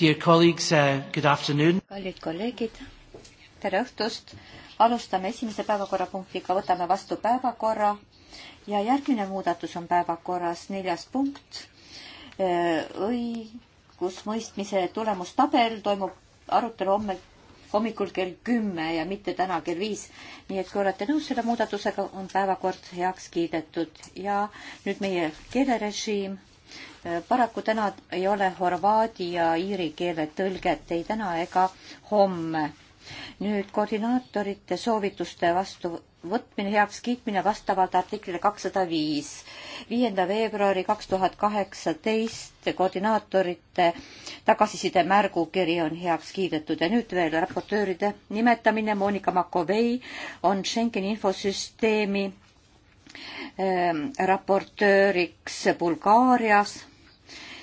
Dear colleagues, uh, good afternoon. kallid kolleegid, tere õhtust. alustame esimese päevakorrapunktiga, võtame vastu päevakorra ja järgmine muudatus on päevakorras neljas punkt. Äh, õigusmõistmise tulemustabel toimub arutelu homme hommikul kell kümme ja mitte täna kell viis. nii et kui olete nõus selle muudatusega, on päevakord heaks kiidetud ja nüüd meie keelerežiim paraku täna ei ole horvaadi ja iiri keele tõlget ei täna ega homme. nüüd koordinaatorite soovituste vastuvõtmine, heakskiitmine vastavalt artiklile kakssada viis. viienda veebruari kaks tuhat kaheksateist koordinaatorite tagasiside märgukiri on heaks kiidetud ja nüüd veel raportööride nimetamine. Monika Makovei on Schengeni infosüsteemi Ähm, raportööriks Bulgaarias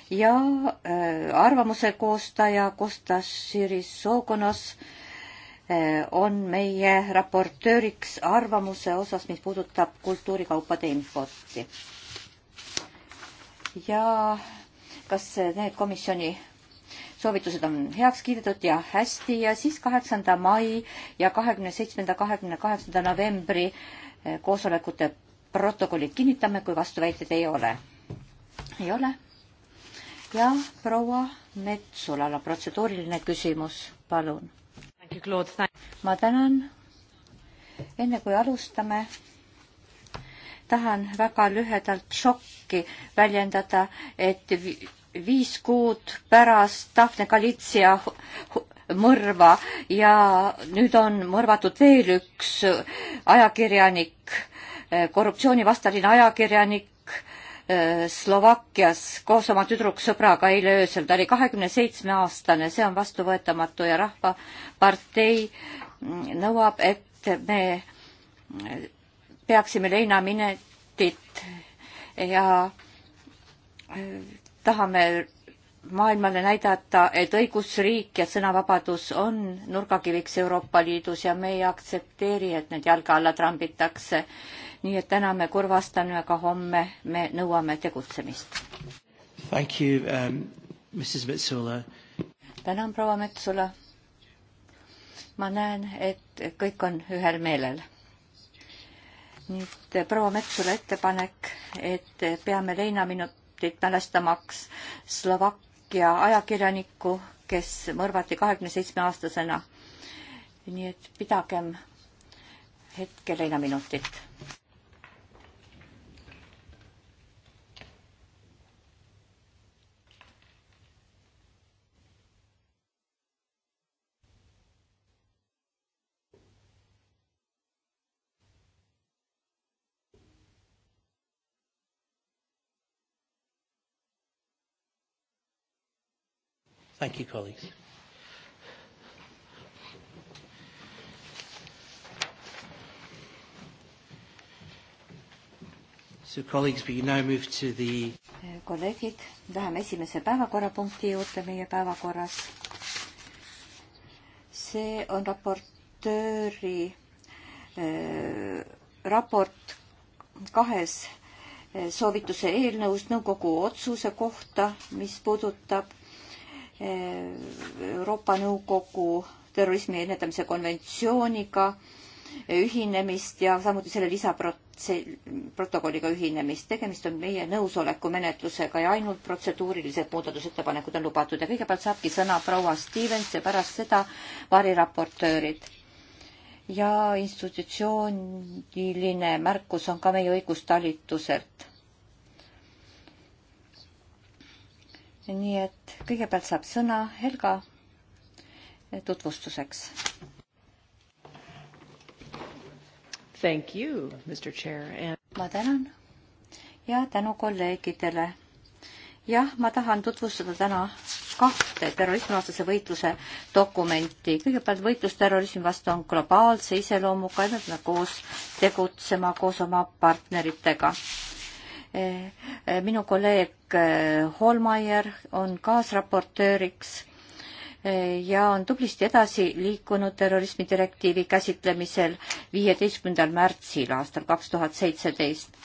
ja äh, arvamuse koostaja Kostas Širis-Sogonos äh, on meie raportööriks arvamuse osas, mis puudutab kultuurikaupade importi. ja kas need komisjoni soovitused on heaks kiidetud ja hästi ja siis kaheksanda mai ja kahekümne seitsmenda, kahekümne kaheksanda novembri äh, koosolekute protokollid kinnitame, kui vastuväiteid ei ole. ei ole? ja proua Metsulal on protseduuriline küsimus, palun. ma tänan. enne kui alustame, tahan väga lühedalt šokki väljendada, et viis kuud pärast Daphne Galizia mõrva ja nüüd on mõrvatud veel üks ajakirjanik korruptsioonivastaline ajakirjanik äh, Slovakkias koos oma tüdruksõbraga eile öösel, ta oli kahekümne seitsme aastane, see on vastuvõetamatu ja Rahvapartei mm, nõuab, et me mm, peaksime Leina Minetit ja äh, tahame maailmale näidata, et õigusriik ja sõnavabadus on nurgakiviks Euroopa Liidus ja me ei aktsepteeri, et need jalge alla trambitakse. nii et täna me kurvastame, aga homme me nõuame tegutsemist. Thank you um,, Mrs Metsula. tänan, proua Metsula. ma näen, et kõik on ühel meelel nüüd proua Metsule ettepanek, et peame leinaminutit mälestamaks Slovak Belgia ajakirjanikku, kes mõrvati kahekümne seitsme aastasena. nii et pidagem hetkel Leina minutit. Thank you, colleagues. So colleagues, we now move to the kolleegid, läheme esimese päevakorrapunkti juurde meie päevakorras. see on raportööri äh, raport kahes äh, soovituse eelnõus nõukogu otsuse kohta, mis puudutab Eh, Euroopa Nõukogu terrorismi ennetamise konventsiooniga eh, ühinemist ja samuti selle lisaprotokolliga ühinemist. tegemist on meie nõusoleku menetlusega ja ainult protseduurilised muudatusettepanekud on lubatud ja kõigepealt saabki sõna proua Stevens ja pärast seda variraportöörid. ja institutsiooniline märkus on ka meie õigustalituselt. nii et kõigepealt saab sõna Helga tutvustuseks. Thank you, Mr Chair and.... ma tänan ja tänu kolleegidele. jah, ma tahan tutvustada täna kahte terrorismivastase võitluse dokumenti. kõigepealt võitlus terrorismi vastu on globaalse iseloomuga ja me peame koos tegutsema koos oma partneritega Eh, minu kolleeg eh, Holmeier on kaasraportööriks eh, ja on tublisti edasi liikunud terrorismi direktiivi käsitlemisel viieteistkümnendal märtsil aastal kaks tuhat seitseteist.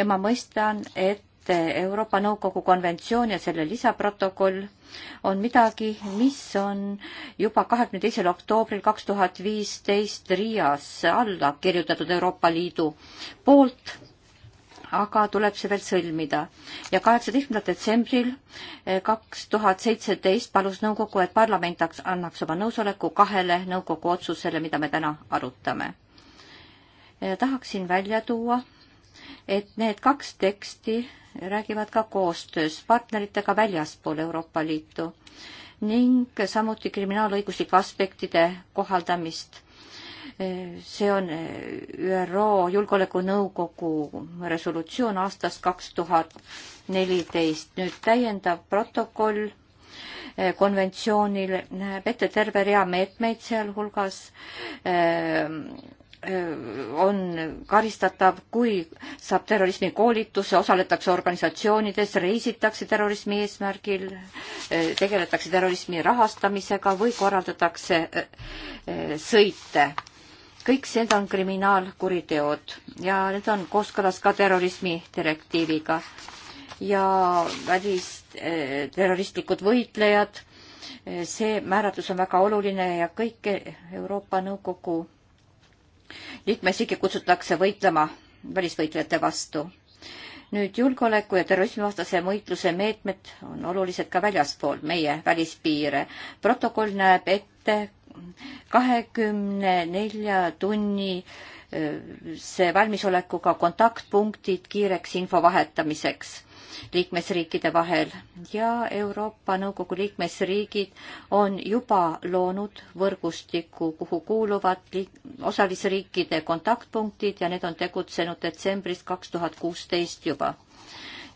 ja ma mõistan, et Euroopa Nõukogu konventsioon ja selle lisaprotokoll on midagi, mis on juba kahekümne teisel oktoobril kaks tuhat viisteist Riias alla kirjutatud Euroopa Liidu poolt aga tuleb see veel sõlmida. ja kaheksateistkümnendal detsembril eh, kaks tuhat seitseteist palus nõukogu, et parlament annaks oma nõusoleku kahele nõukogu otsusele, mida me täna arutame. Eh, tahaksin välja tuua, et need kaks teksti räägivad ka koostöös partneritega väljaspool Euroopa Liitu ning samuti kriminaalõiguslike aspektide kohaldamist see on eh, ÜRO Julgeolekunõukogu resolutsioon aastast kaks tuhat neliteist. nüüd täiendav protokoll eh, konventsioonil näeb ette terve rea meetmeid, sealhulgas eh, on karistatav, kui saab terrorismi koolituse, osaletakse organisatsioonides, reisitakse terrorismi eesmärgil, tegeletakse terrorismi rahastamisega või korraldatakse sõite kõik need on kriminaalkuriteod ja need on kooskõlas ka terrorismi direktiiviga. ja välisterroristlikud eh, võitlejad, eh, see määratlus on väga oluline ja kõik Euroopa Nõukogu liikmesriike kutsutakse võitlema välisvõitlejate vastu. nüüd julgeoleku ja terrorismivastase võitluse meetmed on olulised ka väljaspool meie välispiire. protokoll näeb ette kahekümne nelja tunni see valmisolekuga kontaktpunktid kiireks info vahetamiseks liikmesriikide vahel ja Euroopa Nõukogu liikmesriigid on juba loonud võrgustiku, kuhu kuuluvad osalisriikide kontaktpunktid ja need on tegutsenud detsembrist kaks tuhat kuusteist juba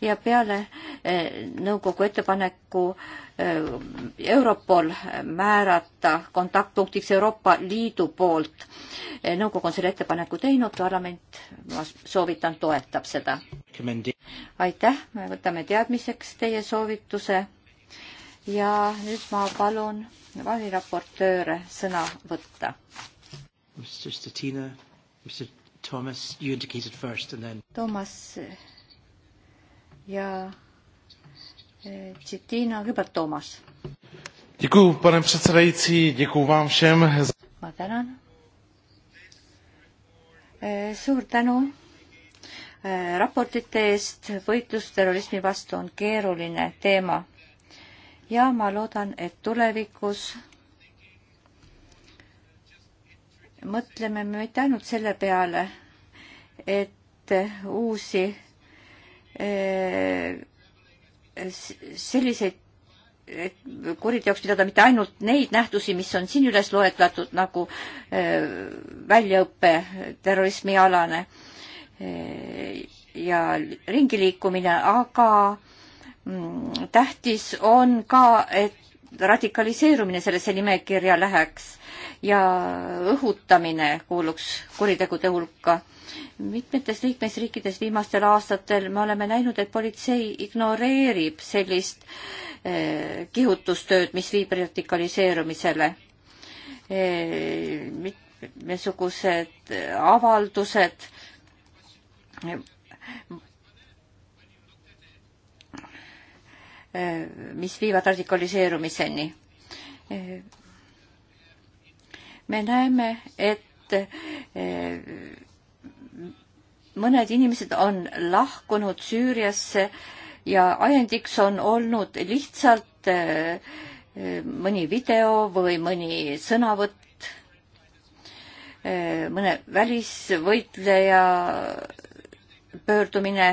ja peale eh, nõukogu ettepaneku eh, Europol määrata kontaktpunktiks Euroopa Liidu poolt. Eh, nõukogu on selle ettepaneku teinud, parlament, ma soovitan, toetab seda. aitäh, me võtame teadmiseks teie soovituse ja nüüd ma palun variraportööre sõna võtta. Mr Statina, Mr Thomas, you indicated first and then. Toomas ja Tsitina, kõigepealt Toomas. ma tänan. E, suur tänu e, raportite eest, võitlus terrorismi vastu on keeruline teema ja ma loodan, et tulevikus mõtleme me mitte ainult selle peale, et uusi Äh, selliseid kuriteoks pidada mitte ainult neid nähtusi, mis on siin üles loetletud nagu äh, väljaõpe terrorismialane äh, ja ringiliikumine, aga mm, tähtis on ka, et radikaliseerumine sellesse nimekirja läheks ja õhutamine kuuluks kuritegude hulka. mitmetes liikmesriikides viimastel aastatel me oleme näinud, et politsei ignoreerib sellist eh, kihutustööd, mis viib radikaliseerumisele eh,. mitmesugused avaldused eh, mis viivad radikaliseerumiseni. Eh, me näeme, et eh, mõned inimesed on lahkunud Süüriasse ja ajendiks on olnud lihtsalt eh, mõni video või mõni sõnavõtt eh, mõne välisvõitleja pöördumine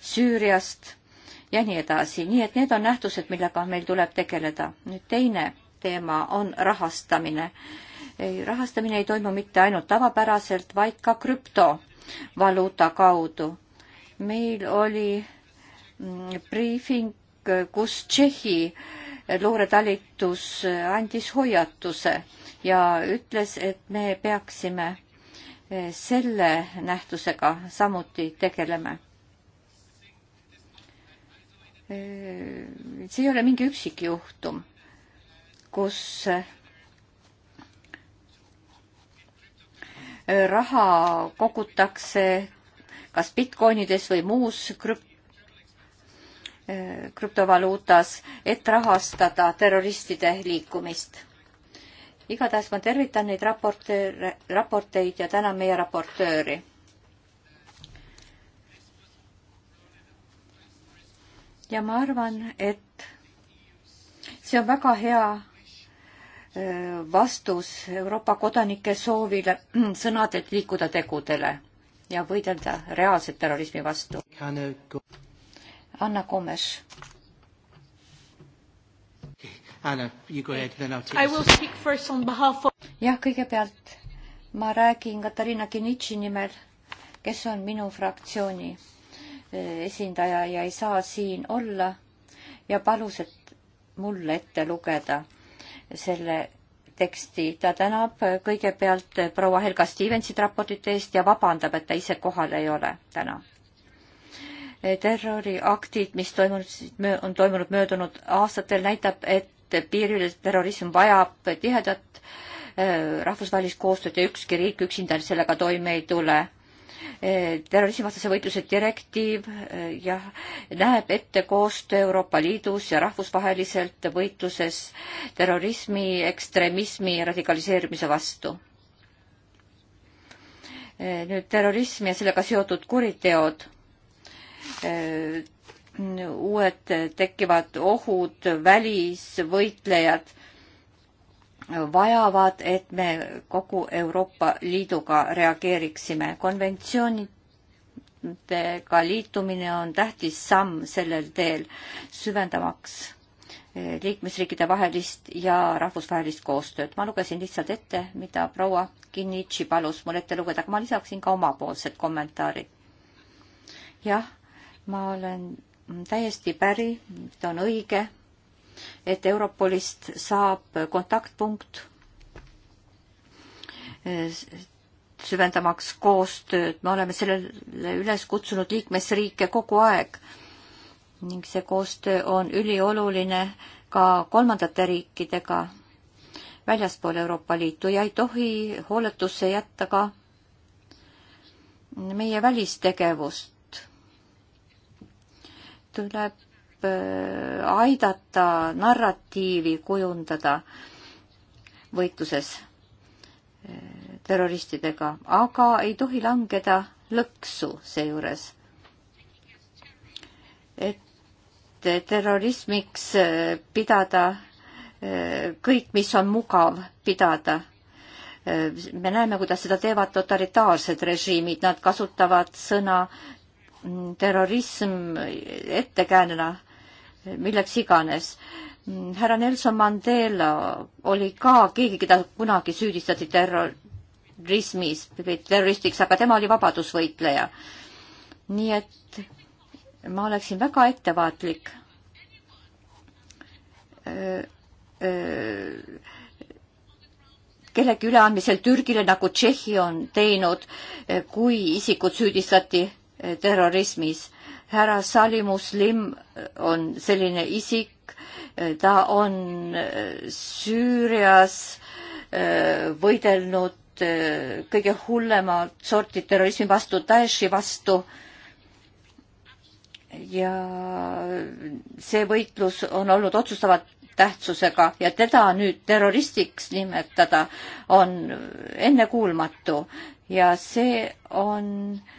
Süüriast ja nii edasi. nii et need on nähtused, millega meil tuleb tegeleda. nüüd teine teema on rahastamine. rahastamine ei toimu mitte ainult tavapäraselt, vaid ka krüptovaluuta kaudu. meil oli mm, briifing, kus Tšehhi luuretalitus andis hoiatuse ja ütles, et me peaksime eh, selle nähtusega samuti tegeleme. Eh, see ei ole mingi üksikjuhtum kus äh, raha kogutakse kas Bitcoinides või muus krüp-, äh, krüptovaluutas, et rahastada terroristide liikumist. igatahes ma tervitan neid raportööre, raporteid ja tänan meie raportööri. ja ma arvan, et see on väga hea vastus Euroopa kodanike soovile sõnadelt liikuda tegudele ja võidelda reaalset terrorismi vastu. Anna Komes. jah, kõigepealt ma räägin Katariina Kinitši nimel, kes on minu fraktsiooni e, esindaja ja ei saa siin olla ja palus, et mulle ette lugeda selle teksti. ta tänab kõigepealt proua Helga Stevensit raportite eest ja vabandab, et ta ise kohal ei ole täna. terroriaktid, mis toimunud, on toimunud möödunud aastatel, näitab, et piiril terrorism vajab tihedat äh, rahvusvahelist koostööd ja ükski riik üksinda sellega toime ei tule terrorismivastase võitluse direktiiv eh, jah, näeb ette koostöö Euroopa Liidus ja rahvusvaheliselt võitluses terrorismi, ekstremismi ja radikaliseerimise vastu. Eh, nüüd terrorism ja sellega seotud kuriteod eh, uued tekkivad ohud, välisvõitlejad vajavad, et me kogu Euroopa Liiduga reageeriksime. konventsioonidega liitumine on tähtis samm sellel teel, süvendamaks eh, liikmesriikide vahelist ja rahvusvahelist koostööd. ma lugesin lihtsalt ette, mida proua Kinnitši palus mul ette lugeda, aga ma lisaksin ka omapoolsed kommentaarid. jah, ma olen täiesti päri, ta on õige et Europolist saab kontaktpunkt eh, süvendamaks koostööd, me oleme sellele üles kutsunud liikmesriike kogu aeg ning see koostöö on ülioluline ka kolmandate riikidega väljaspool Euroopa Liitu ja ei tohi hooletusse jätta ka meie välistegevust. tuleb aidata narratiivi kujundada võitluses äh, terroristidega, aga ei tohi langeda lõksu seejuures. et terrorismiks äh, pidada äh, kõik, mis on mugav pidada. me näeme, kuidas seda teevad totalitaarsed režiimid, nad kasutavad sõna mm, terrorism ettekäänena milleks iganes. härra Nelson Mandela oli ka keegi, keda kunagi süüdistati terrorismis, terroristiks, aga tema oli vabadusvõitleja. nii et ma oleksin väga ettevaatlik kellegi üleandmisel Türgile, nagu Tšehhi on teinud, kui isikud süüdistati terrorismis härra Salimuslim on selline isik, ta on äh, Süürias äh, võidelnud äh, kõige hullemat sorti terrorismi vastu, Daeshi vastu. ja see võitlus on olnud otsustava tähtsusega ja teda nüüd terroristiks nimetada on ennekuulmatu ja see on äh,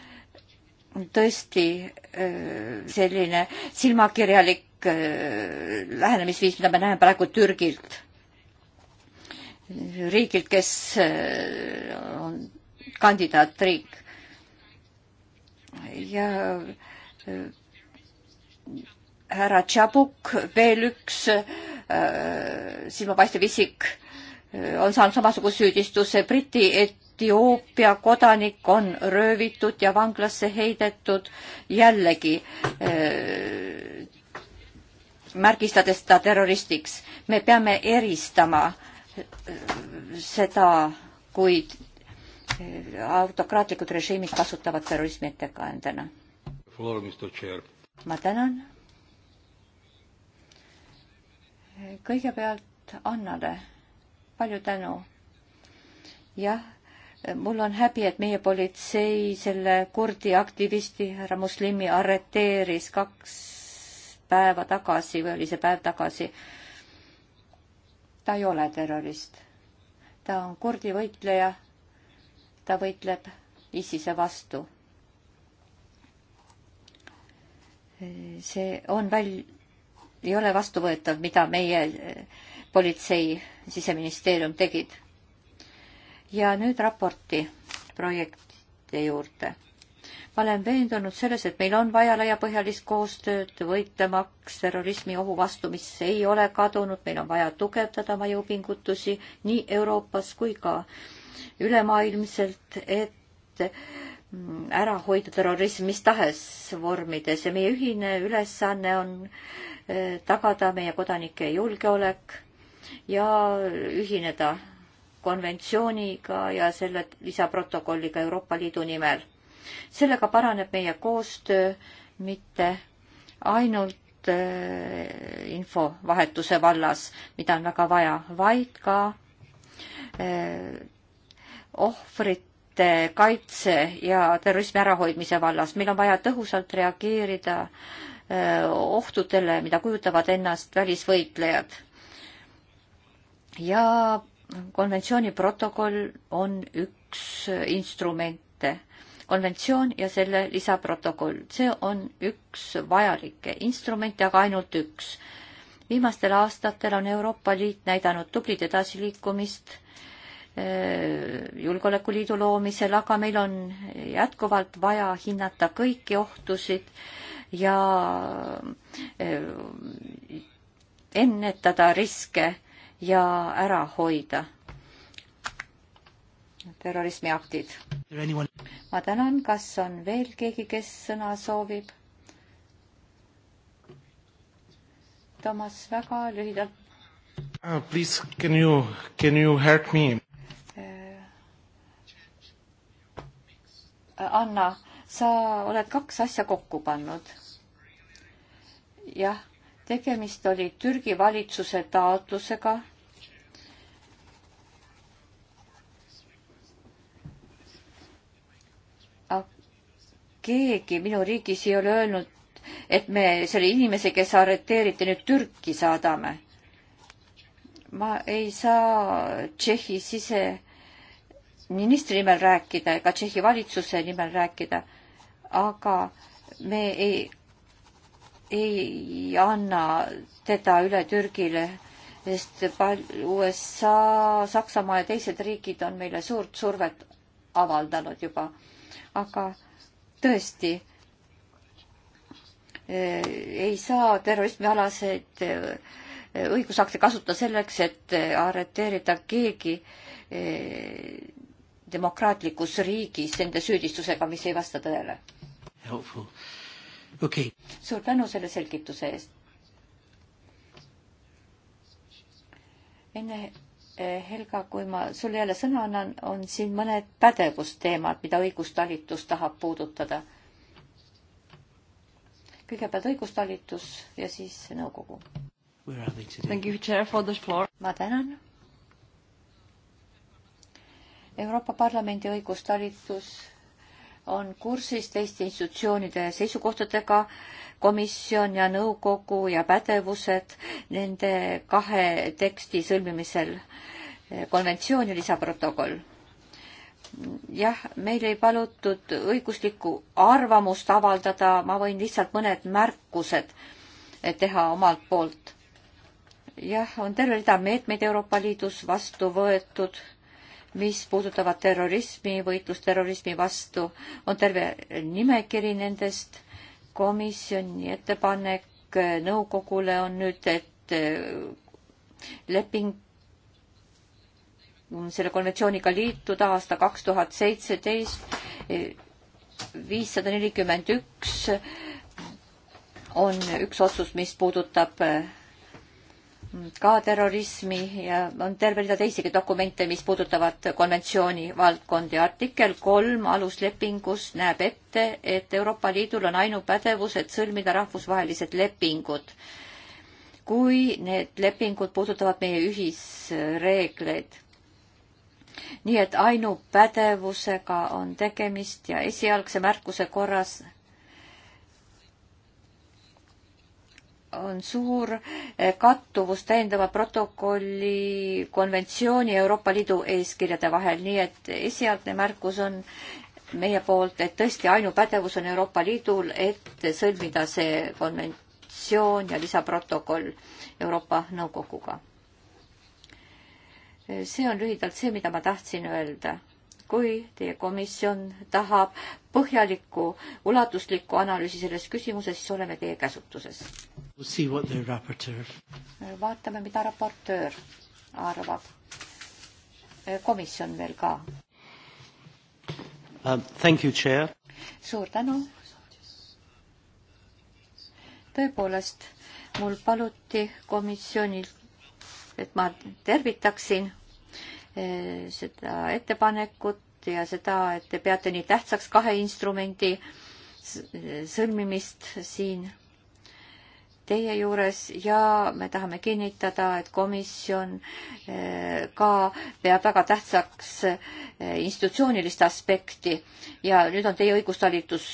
tõesti äh, selline silmakirjalik äh, lähenemisviis, mida me näeme praegu Türgilt. riigilt, kes äh, on kandidaatriik. ja härra Tšabuk, veel üks silmapaistev isik, on saanud samasuguse süüdistuse Briti et Etioopia kodanik on röövitud ja vanglasse heidetud jällegi äh, märgistades ta terroristiks. me peame eristama eh, seda, kuid eh, autokraatlikud režiimid kasutavad terrorismi ettekäändena. ma tänan. kõigepealt Annale palju tänu. jah mul on häbi, et meie politsei selle kurdi aktivisti härra Muslimi arreteeris kaks päeva tagasi või oli see päev tagasi. ta ei ole terrorist. ta on kurdi võitleja. ta võitleb ISISe vastu. see on väl-, ei ole vastuvõetav, mida meie politsei, siseministeerium tegid ja nüüd raporti projekti juurde. ma olen veendunud selles, et meil on vaja laiapõhjalist koostööd võitlemaks terrorismi ohu vastu, mis ei ole kadunud, meil on vaja tugevdada oma jõupingutusi nii Euroopas kui ka ülemaailmselt, et ära hoida terrorism mis tahes vormides ja meie ühine ülesanne on eh, tagada meie kodanike julgeolek ja ühineda konventsiooniga ja selle lisaprotokolliga Euroopa Liidu nimel. sellega paraneb meie koostöö mitte ainult äh, infovahetuse vallas, mida on väga vaja, vaid ka äh, ohvrite kaitse ja terrorismi ärahoidmise vallas. meil on vaja tõhusalt reageerida äh, ohtudele, mida kujutavad ennast välisvõitlejad. ja konventsiooni protokoll on üks instrumente, konventsioon ja selle lisaprotokoll, see on üks vajalikke instrumente, aga ainult üks. viimastel aastatel on Euroopa Liit näidanud tublit edasiliikumist eh, julgeolekuliidu loomisel, aga meil on jätkuvalt vaja hinnata kõiki ohtusid ja eh, ennetada riske ja ära hoida terrorismiaktid. ma tänan, kas on veel keegi, kes sõna soovib? Toomas, väga lühidalt uh,. Please, can you, can you help me? Äh, Anna, sa oled kaks asja kokku pannud. jah, tegemist oli Türgi valitsuse taotlusega keegi minu riigis ei ole öelnud, et me selle inimese, kes arreteeriti, nüüd Türki saadame. ma ei saa Tšehhi siseministri nimel rääkida ega Tšehhi valitsuse nimel rääkida, aga me ei ei anna teda üle Türgile, sest USA, Saksamaa ja teised riigid on meile suurt survet avaldanud juba. aga tõesti e, ei saa terrorismialaseid e, õigusakte kasutada selleks, et arreteerida keegi e, demokraatlikus riigis nende süüdistusega, mis ei vasta tõele okei okay.. suur tänu selle selgituse eest. enne eh, Helga, kui ma sulle jälle sõna annan, on siin mõned pädevusteemad, mida õigustalitus tahab puudutada. kõigepealt õigustalitus ja siis nõukogu. ma tänan. Euroopa Parlamendi õigustalitus on kursis teiste institutsioonide seisukohtadega, komisjon ja nõukogu ja pädevused nende kahe teksti sõlmimisel, konventsioon ja lisaprotokoll. jah, meil ei palutud õiguslikku arvamust avaldada, ma võin lihtsalt mõned märkused teha omalt poolt. jah, on terve rida meetmeid Euroopa Liidus vastu võetud mis puudutavad terrorismi, võitlust terrorismi vastu, on terve nimekiri nendest. komisjoni ettepanek nõukogule on nüüd, et eh, leping selle konventsiooniga liituda aasta kaks tuhat seitseteist, viissada nelikümmend üks on üks otsus, mis puudutab eh, ka terrorismi ja on terve rida teisigi dokumente, mis puudutavad konventsiooni valdkondi. artikkel kolm aluslepingus näeb ette, et Euroopa Liidul on ainupädevus, et sõlmida rahvusvahelised lepingud, kui need lepingud puudutavad meie ühisreegleid. nii et ainupädevusega on tegemist ja esialgse märkuse korras on suur eh, kattuvus täiendava protokolli konventsiooni Euroopa Liidu eeskirjade vahel, nii et esialgne märkus on meie poolt, et tõesti ainupädevus on Euroopa Liidul, et sõlmida see konventsioon ja lisaprotokoll Euroopa Nõukoguga. see on lühidalt see, mida ma tahtsin öelda kui teie komisjon tahab põhjalikku ulatuslikku analüüsi selles küsimuses, siis oleme teie käsutuses vaatame, mida raportöör arvab. komisjon veel ka uh,. Thank you, chair. suur tänu. tõepoolest, mul paluti komisjonilt, et ma tervitaksin eh, seda ettepanekut ja seda, et te peate nii tähtsaks kahe instrumendi sõlmimist siin teie juures ja me tahame kinnitada, et komisjon eh, ka peab väga tähtsaks eh, institutsioonilist aspekti ja nüüd on teie õigustalitus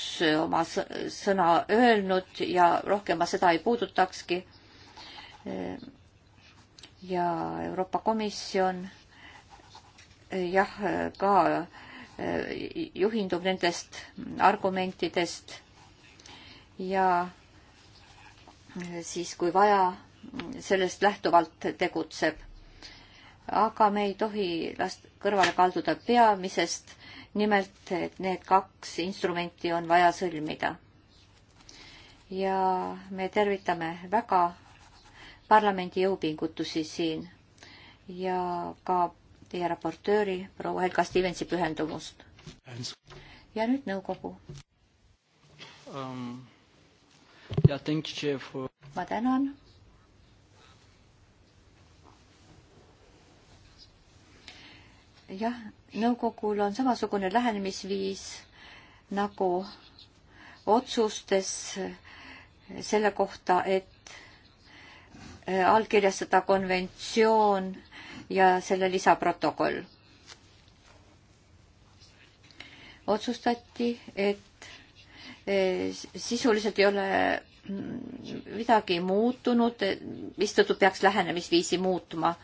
oma sõna öelnud ja rohkem ma seda ei puudutakski. Eh, ja Euroopa Komisjon jah, ka juhindub nendest argumentidest ja siis kui vaja, sellest lähtuvalt tegutseb. aga me ei tohi last kõrvale kalduda peamisest, nimelt, et need kaks instrumenti on vaja sõlmida. ja me tervitame väga parlamendi jõupingutusi siin ja ka teie raportööri proua Helga Stevensi pühendumust. ja nüüd nõukogu um For... ma tänan. jah, nõukogul on samasugune lähenemisviis nagu otsustes selle kohta, et äh, allkirjastada konventsioon ja selle lisaprotokoll. otsustati, et äh, sisuliselt ei ole midagi muutunud, mistõttu peaks lähenemisviisi muutma.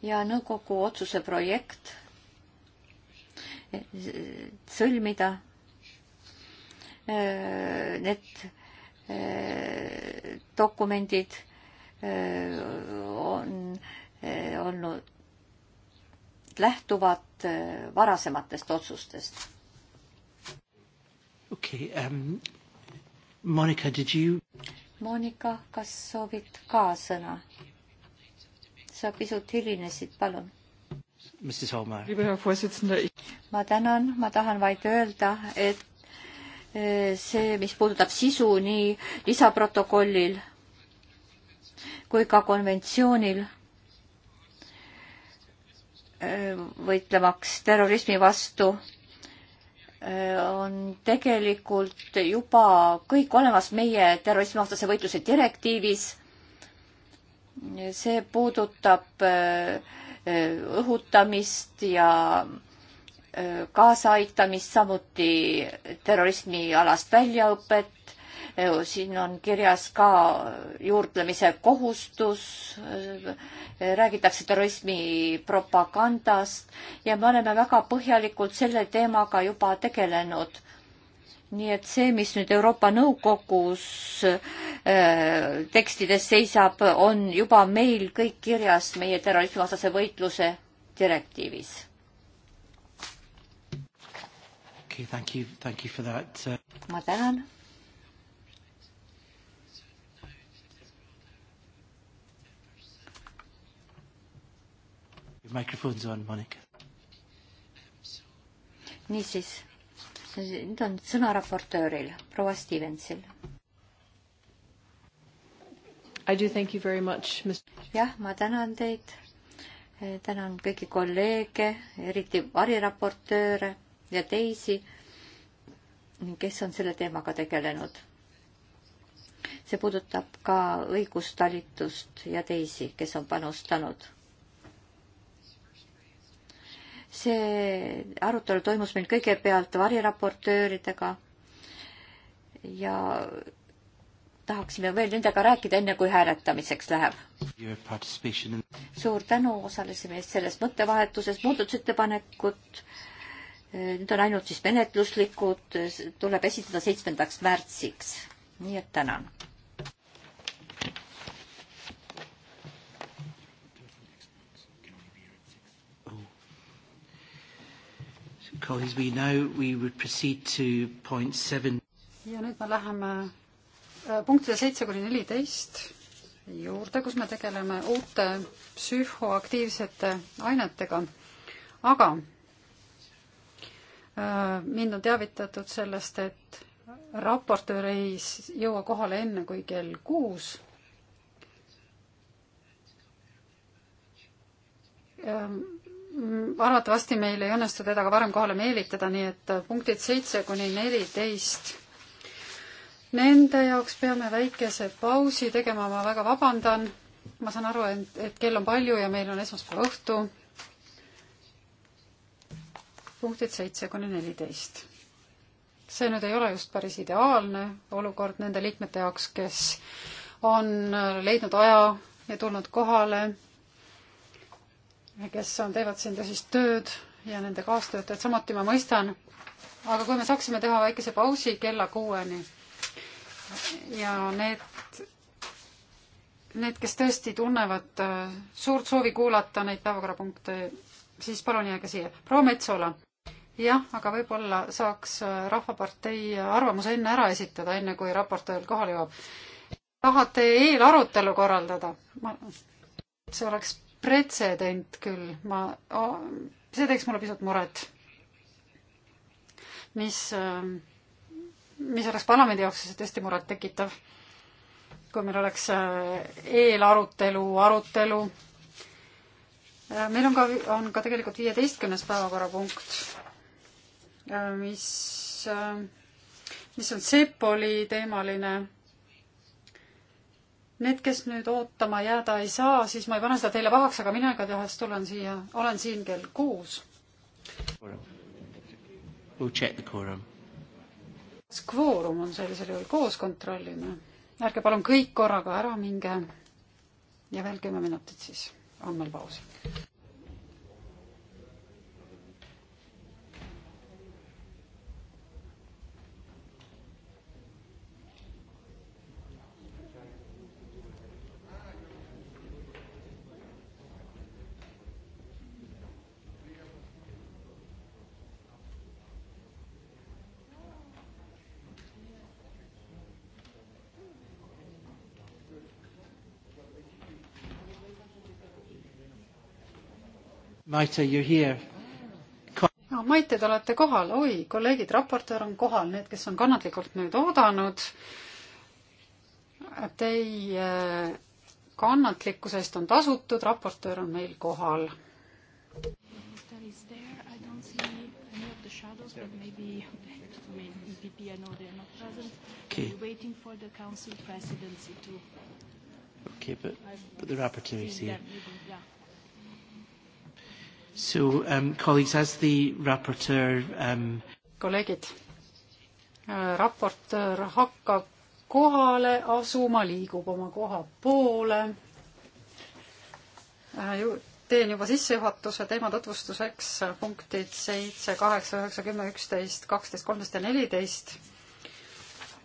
ja nõukogu otsuse projekt sõlmida need eh, dokumendid eh, on eh, olnud lähtuvad äh, varasematest otsustest. okei okay, um,, Monika, did you? Monika, kas soovid ka sõna? sa pisut hilinesid, palun. ma tänan, ma tahan vaid öelda, et äh, see, mis puudutab sisu nii lisaprotokollil kui ka konventsioonil võitlemaks terrorismi vastu, on tegelikult juba kõik olemas meie terrorismivastase võitluse direktiivis. see puudutab äh, õhutamist ja äh, kaasaaitamist, samuti terrorismialast väljaõpet Äh, siin on kirjas ka juurdlemise kohustus, äh, räägitakse terrorismi propagandast ja me oleme väga põhjalikult selle teemaga juba tegelenud. nii et see, mis nüüd Euroopa Nõukogus äh, tekstides seisab, on juba meil kõik kirjas meie terrorismivastase võitluse direktiivis. Okay, thank you, thank you for that. Uh ma tänan Microphone's on, Monika. niisiis, nüüd on sõna raportööril, proua Stevensil. jah, ma tänan teid, tänan kõiki kolleege, eriti variraportööre ja teisi, kes on selle teemaga tegelenud. see puudutab ka õigustalitust ja teisi, kes on panustanud see arutelu toimus meil kõigepealt variraportööridega ja tahaksime veel nendega rääkida, enne kui hääletamiseks läheb. suur tänu, osalesime selles mõttevahetuses, muudatusettepanekud, need on ainult siis menetluslikud, tuleb esitada seitsmendaks märtsiks, nii et tänan colleagues, we now, we would proceed to point seven. ja nüüd me läheme äh, punktide seitse kuni neliteist juurde, kus me tegeleme uute psühhoaktiivsete ainetega. aga äh, mind on teavitatud sellest, et raportöör ei jõua kohale enne kui kell kuus. Um, Mm, arvatavasti meil ei õnnestu teda ka varem kohale meelitada, nii et punktid seitse kuni neliteist. Nende jaoks peame väikese pausi tegema, ma väga vabandan. ma saan aru, et, et kell on palju ja meil on esmaspäeva õhtu. punktid seitse kuni neliteist. see nüüd ei ole just päris ideaalne olukord nende liikmete jaoks, kes on leidnud aja ja tulnud kohale kes on, teevad siin tõsist tööd ja nende kaastöötajad samuti ma mõistan. aga kui me saaksime teha väikese pausi kella kuueni ja need, need, kes tõesti tunnevad äh, suurt soovi kuulata neid päevakorrapunkte, siis palun jääge siia. proua Metsola. jah, aga võib-olla saaks äh, Rahvapartei arvamuse enne ära esitada, enne kui raportöör kohale jõuab. tahate eelarutelu korraldada? see oleks pretsedent küll, ma oh,, see teeks mulle pisut muret. mis, äh, mis oleks parlamendi jaoks tõesti murettekitav, kui meil oleks äh, eelarutelu, arutelu, arutelu.. Äh, meil on ka, on ka tegelikult viieteistkümnes päevakorrapunkt, mis, mis on Sepoli teemaline Need, kes nüüd ootama jääda ei saa, siis ma ei pane seda teile pahaks, aga mina igatahes tulen siia, olen siin kell kuus. kas kvoorum on sellisel juhul koos, kontrollime. ärge palun kõik korraga ära minge. ja veel kümme minutit siis on meil pausi. Maite, you are here no,. Maite, te olete kohal, oi, kolleegid, raportöör on kohal, need, kes on kannatlikult nüüd oodanud. Teie äh, kannatlikkuse eest on tasutud, raportöör on meil kohal. E okay. Waiting for the council presidency to. Okay, but, but the rapporteur is here. Yeah. So um, colleagues, as the rapporteur um... kolleegid, äh, raportöör hakkab kohale asuma, liigub oma koha poole. Äh, teen juba sissejuhatuse teema tutvustuseks äh, punktid seitse, kaheksa, üheksa, kümme, üksteist, kaksteist, kolmteist ja neliteist.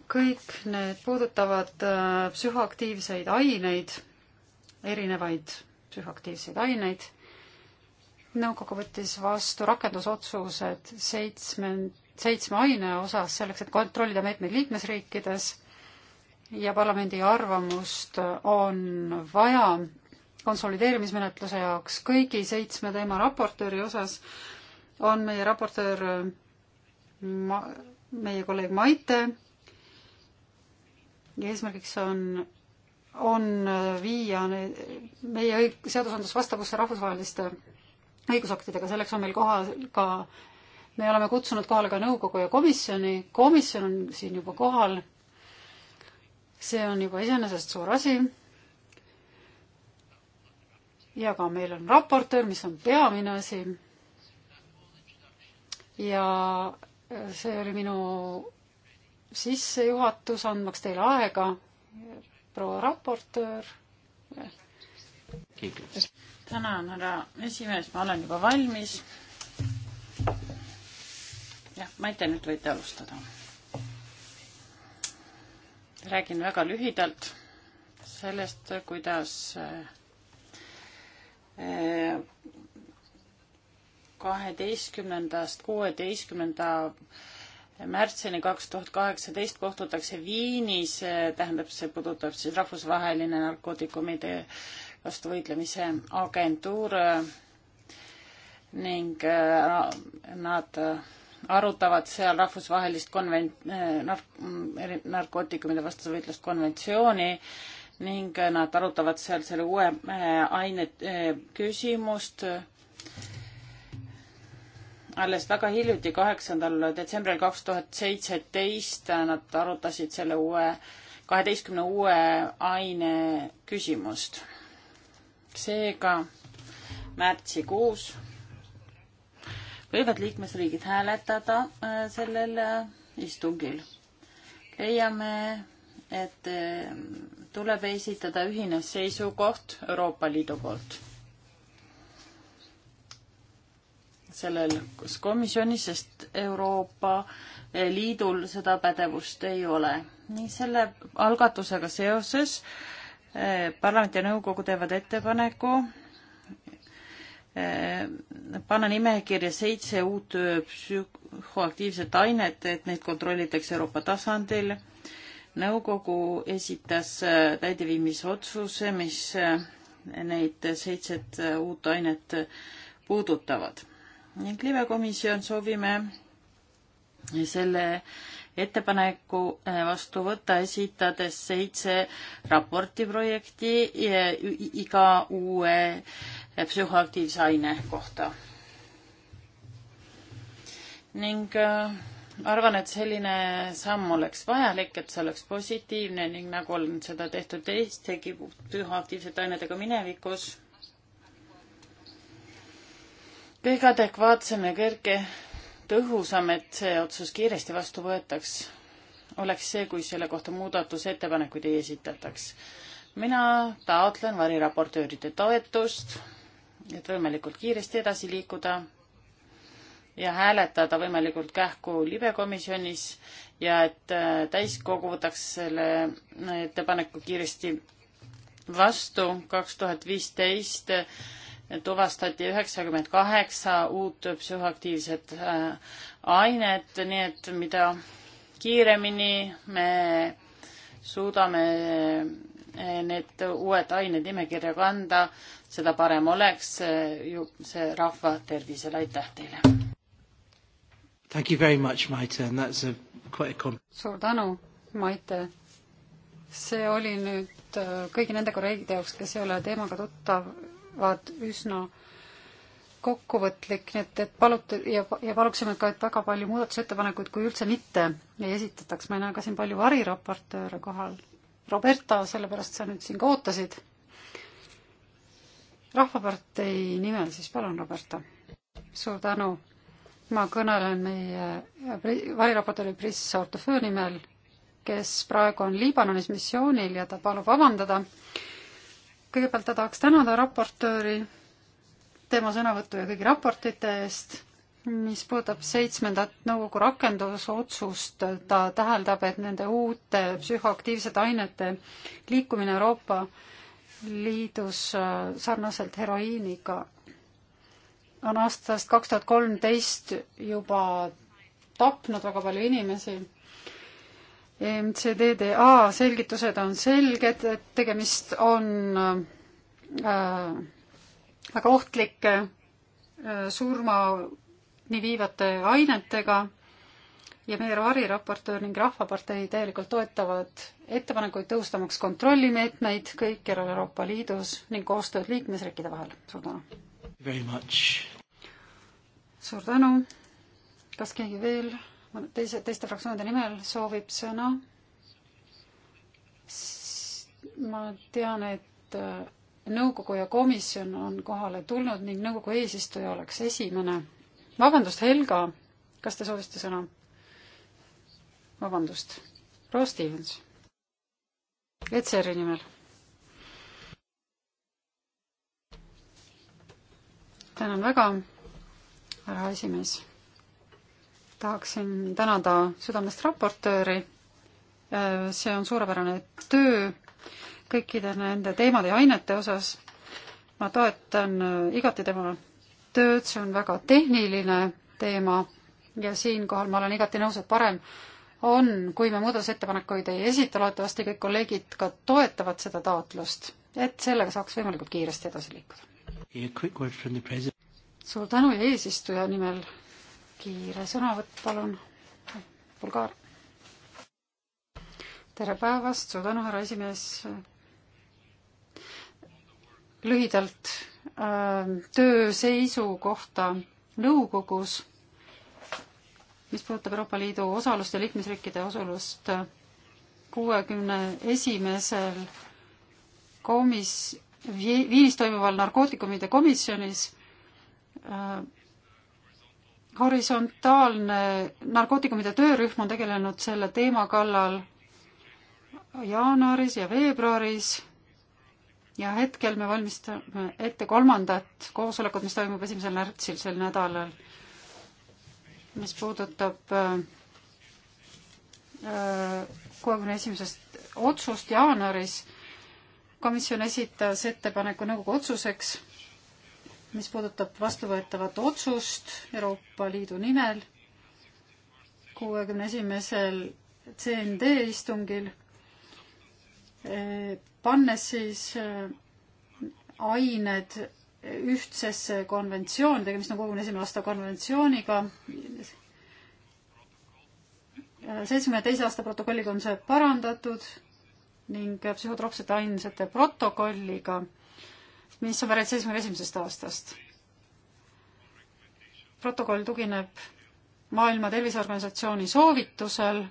kõik need puudutavad psühhoaktiivseid aineid, erinevaid psühhoaktiivseid aineid nõukogu võttis vastu rakendusotsused seitsme, seitsme aine osas selleks, et kontrollida meetmeid liikmesriikides ja parlamendi arvamust on vaja konsolideerimismenetluse jaoks kõigi seitsme teema raportööri osas on meie raportöör ma, meie kolleeg Maite ja eesmärgiks on, on viia need, meie õig-, seadusandlus vastavusse rahvusvaheliste õigusaktidega, selleks on meil kohal ka, me oleme kutsunud kohale ka nõukogu ja komisjoni, komisjon on siin juba kohal. see on juba iseenesest suur asi. ja ka meil on raportöör, mis on peamine asi. ja see oli minu sissejuhatus, andmaks teile aega, proua raportöör tänan, härra esimees, ma olen juba valmis. jah, Maite, nüüd võite alustada. räägin väga lühidalt sellest, kuidas eh, kaheteistkümnendast kuueteistkümnenda märtsini kaks tuhat kaheksateist kohtutakse Viinis, eh, tähendab, see puudutab siis rahvusvaheline narkootikumide vastu võitlemise agentuur äh, ning äh, nad äh, arutavad seal rahvusvahelist konven-, nark-, narkootikumide vastase võitlust konventsiooni ning nad arutavad seal selle uue aine küsimust. alles väga hiljuti, kaheksandal detsembril kaks tuhat seitseteist nad arutasid selle uue, kaheteistkümne uue aine küsimust seega märtsikuus võivad liikmesriigid hääletada äh, sellel äh, istungil. leiame, et äh, tuleb esitada ühine seisukoht Euroopa Liidu poolt. sellel komisjonis, sest Euroopa Liidul seda pädevust ei ole. nii selle algatusega seoses äh, parlament ja nõukogu teevad ettepaneku eh, panna nimekirja seitse uut eh, psühhoaktiivset ainet, et neid kontrollitakse Euroopa tasandil. nõukogu esitas eh, täideviimisotsuse, mis neid seitset uut ainet puudutavad ning libekomisjon soovime selle ettepaneku eh, vastu võtta, esitades seitse raporti projekti eh, iga uue eh, psühhoaktiivse aine kohta. ning arvan, et selline samm oleks vajalik, et see oleks positiivne ning nagu on seda tehtud teistegi psühhoaktiivsete ainetega minevikus, kõige adekvaatsem ja kerge tõhusam, et see otsus kiiresti vastu võetaks, oleks see, kui selle kohta muudatusettepanekuid ei esitataks. mina taotlen variraportööride toetust, et võimalikult kiiresti edasi liikuda ja hääletada võimalikult kähku libekomisjonis ja et äh, täiskogu võtaks selle äh, ettepaneku kiiresti vastu kaks tuhat viisteist tuvastati üheksakümmend kaheksa uut psühhoaktiivset äh, ainet, nii et mida kiiremini me suudame äh, need uued ained nimekirja kanda, seda parem oleks äh, ju see rahva tervisele. aitäh teile! Thank you very much, Maite, and that's a quite a com-. suur tänu, Maite! see oli nüüd kõigi nende kolleegide jaoks, kes ei ole teemaga tuttav, vaat üsna kokkuvõtlik, nii et, et palute ja, ja paluksime ka, et väga palju muudatusettepanekuid, kui üldse mitte, ei esitataks. ma ei näe ka siin palju variraportööre kohal. Roberta, sellepärast sa nüüd siin ka ootasid. rahvapartei nimel siis palun, Roberta. suur tänu. ma kõnelen meie äh, variraportööri Briss Ortoföö nimel, kes praegu on Liibanonis missioonil ja ta palub vabandada kõigepealt ta tahaks tänada raportööri tema sõnavõtu ja kõigi raportite eest mis puudutab seitsmendat nõukogu rakendusotsust, ta täheldab, et nende uute psühhoaktiivsete ainete liikumine Euroopa Liidus äh, sarnaselt heroiiniga on aastast kaks tuhat kolmteist juba tapnud väga palju inimesi MCDDA selgitused on selged, et tegemist on äh, väga ohtlike äh, surmani viivate ainetega ja meie variraportöör ning Rahvapartei täielikult toetavad ettepanekuid tõhustamaks kontrollimeetmeid kõikjal Euroopa Liidus ning koostööd liikmesriikide vahel. suur tänu! suur tänu! kas keegi veel? teise, teiste fraktsioonide nimel soovib sõna. ma tean, et äh, nõukogu ja komisjon on kohale tulnud ning nõukogu eesistuja oleks esimene. vabandust, Helga, kas te soovisite sõna? vabandust, proua Stevens. ETSR-i nimel. tänan väga, härra esimees tahaksin tänada südamest raportööri. Äh, see on suurepärane töö kõikide nende teemade ja ainete osas. ma toetan äh, igati tema tööd, see on väga tehniline teema ja siinkohal ma olen igati nõus, et parem on, kui me muudatusettepanekuid ei esita, loodetavasti kõik kolleegid ka toetavad seda taotlust, et sellega saaks võimalikult kiiresti edasi liikuda. suur tänu ja eesistuja nimel kiire sõnavõtt, palun. Bulgaar. tere päevast, suur tänu, härra esimees. lühidalt äh, töö seisukohta nõukogus, mis puudutab Euroopa Liidu osalust ja liikmesriikide osalust kuuekümne esimesel komis-, Viinis toimuval narkootikumide komisjonis äh, horisontaalne narkootikumide töörühm on tegelenud selle teema kallal jaanuaris ja veebruaris ja hetkel me valmistame ette kolmandat koosolekut, mis toimub esimesel märtsil sel nädalal, mis puudutab äh, kuuekümne esimesest otsust jaanuaris. komisjon esitas ettepaneku nõukogu otsuseks mis puudutab vastuvõetavat otsust Euroopa Liidu nimel kuuekümne esimesel CND istungil, eh, pannes siis eh, ained ühtsesse konventsiooni, tegemist on kuuekümne esimene aasta konventsiooniga, seitsmekümne teise aasta protokolliga on see parandatud ning psühhotroopsete ainsete protokolliga mis on pärit seitsmekümne esimesest aastast. protokoll tugineb Maailma Terviseorganisatsiooni soovitusel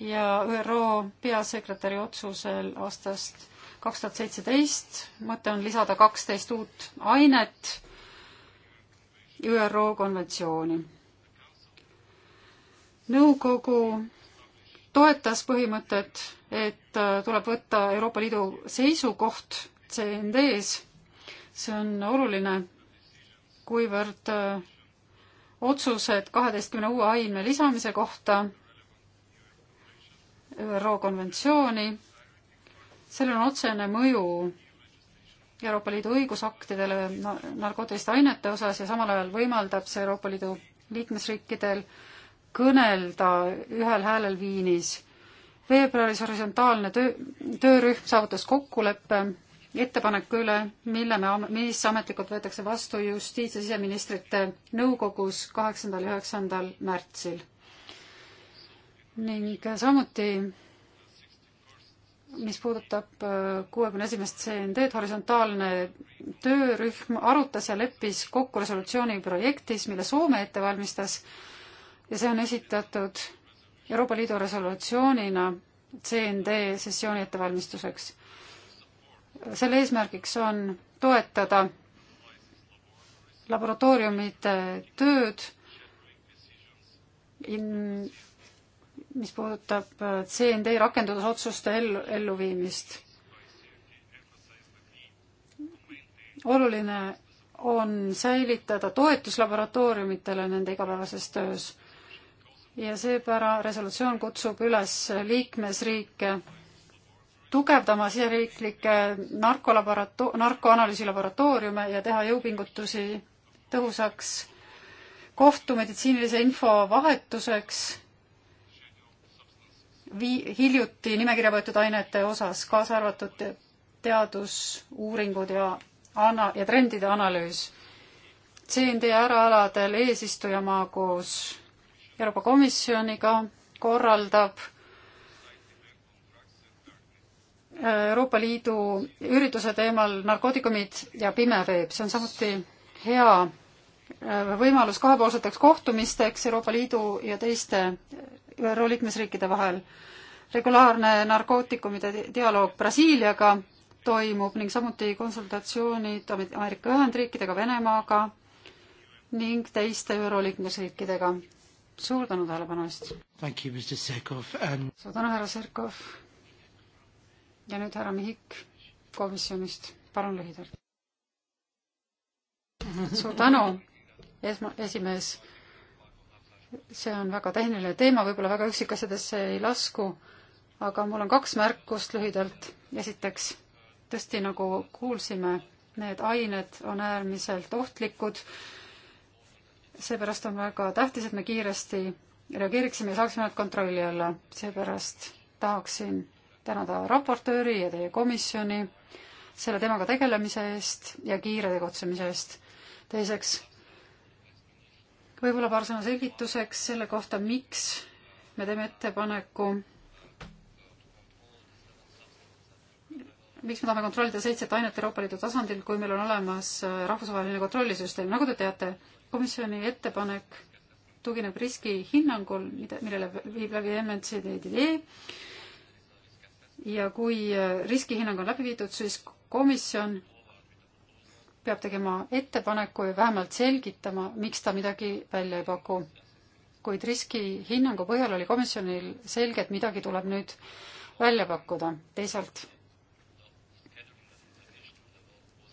ja ÜRO peasekretäri otsusel aastast kaks tuhat seitseteist. mõte on lisada kaksteist uut ainet ÜRO konventsiooni. nõukogu toetas põhimõtet, et tuleb võtta Euroopa Liidu seisukoht CND-s. see on oluline, kuivõrd äh, otsused kaheteistkümne uue aine lisamise kohta ÜRO konventsiooni, sellel on otsene mõju Euroopa Liidu õigusaktidele narkootiliste ainete osas ja samal ajal võimaldab see Euroopa Liidu liikmesriikidel kõnelda ühel häälel Viinis. veebruaris horisontaalne töö, töörühm saavutas kokkuleppe ettepaneku üle, mille me, mis ametlikult võetakse vastu justiits- ja siseministrite nõukogus kaheksandal ja üheksandal märtsil. ning samuti mis puudutab äh, kuuekümne esimest CND-d, horisontaalne töörühm arutas ja leppis kokku resolutsiooni projektis, mille Soome ette valmistas ja see on esitatud Euroopa Liidu resolutsioonina CND sessiooni ettevalmistuseks selle eesmärgiks on toetada laboratooriumite tööd, mis puudutab äh, CND rakendusotsuste ellu, elluviimist. oluline on säilitada toetus laboratooriumitele nende igapäevases töös ja seepära resolutsioon kutsub üles liikmesriike tugevdama siseriiklikke narkolabarato-, narkoanalüüsi laboratooriume ja teha jõupingutusi tõhusaks kohtumeditsiinilise info vahetuseks vii-, hiljuti nimekirja võetud ainete osas, kaasa arvatud teadusuuringud ja ana-, ja trendide analüüs. CND äraaladel eesistujamaa koos Euroopa Komisjoniga korraldab Euroopa Liidu ürituse teemal narkootikumid ja pimeveeb, see on samuti hea äh, võimalus kahepoolseteks kohtumisteks Euroopa Liidu ja teiste ÜRO liikmesriikide vahel. regulaarne narkootikumide dialoog Brasiiliaga toimub ning samuti konsultatsioonid Ameerika Ühendriikidega, Venemaaga ning teiste ÜRO liikmesriikidega. suur tänu tähelepanu eest! suur tänu, härra Serkov! ja nüüd härra Mihik komisjonist, palun lühidalt. suur tänu, esma-, esimees. see on väga tehniline teema, võib-olla väga üksikasjadesse ei lasku, aga mul on kaks märkust lühidalt. esiteks, tõesti, nagu kuulsime, need ained on äärmiselt ohtlikud, seepärast on väga tähtis, et me kiiresti reageeriksime ja saaksime nad kontrolli alla. seepärast tahaksin tänada raportööri ja teie komisjoni selle teemaga tegelemise eest ja kiire tegutsemise eest. teiseks, võib-olla paar sõna selgituseks selle kohta, miks me teeme ettepaneku, miks me tahame kontrollida seitset ainet Euroopa Liidu tasandil, kui meil on olemas äh, rahvusvaheline kontrollisüsteem. nagu te teate, komisjoni ettepanek tugineb riskihinnangul, mida, millele viib läbi MNCDD ja kui äh, riskihinnang on läbi viidud, siis komisjon peab tegema ettepaneku ja vähemalt selgitama, miks ta midagi välja ei paku. kuid riskihinnangu põhjal oli komisjonil selge, et midagi tuleb nüüd välja pakkuda. teisalt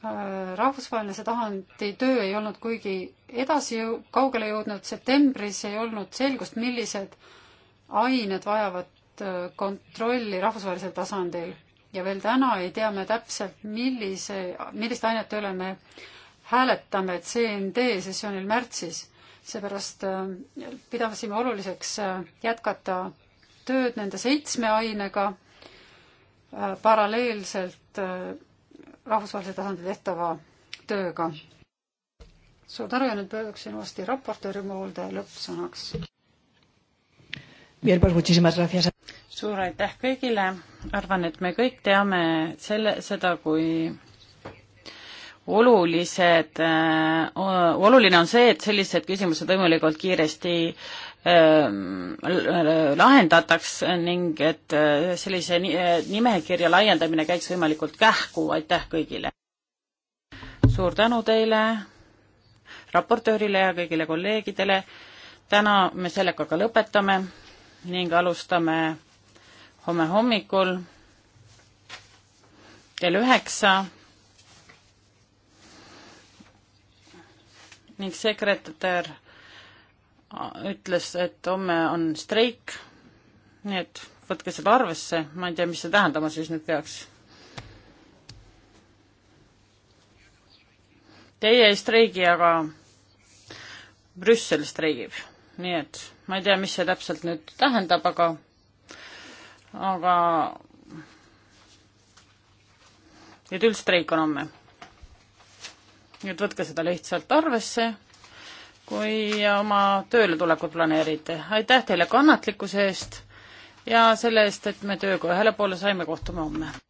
äh, rahvusvaheline sedahandi töö ei olnud kuigi edasi jõu-, kaugele jõudnud, septembris ei olnud selgust, millised ained vajavad Äh, kontrolli rahvusvahelisel tasandil ja veel täna ei tea me täpselt, millise, milliste ainete üle me hääletame CND sessioonil märtsis. seepärast äh, pidasime oluliseks äh, jätkata tööd nende seitsme ainega paralleelselt rahvusvahelisel tasandil tehtava tööga. suur tänu ja nüüd pöörduksin uuesti raportööri poolde lõppsõnaks suur aitäh kõigile, arvan, et me kõik teame selle, seda, kui olulised, äh, oluline on see, et sellised küsimused võimalikult kiiresti ähm, äh, lahendataks ning et äh, sellise nimekirja laiendamine käiks võimalikult kähku, aitäh kõigile! suur tänu teile, raportöörile ja kõigile kolleegidele, täna me sellega ka lõpetame ning alustame homme hommikul kell üheksa ning sekretär ütles, et homme on streik, nii et võtke seda arvesse, ma ei tea, mis see tähendama siis nüüd peaks. Teie ei streigi, aga Brüssel streigib nii et ma ei tea, mis see täpselt nüüd tähendab, aga, aga et üldstreik on homme. nii et võtke seda lihtsalt arvesse, kui oma tööletulekut planeerite. aitäh teile kannatlikkuse eest ja selle eest, et me tööga ühele poole saime, kohtume homme!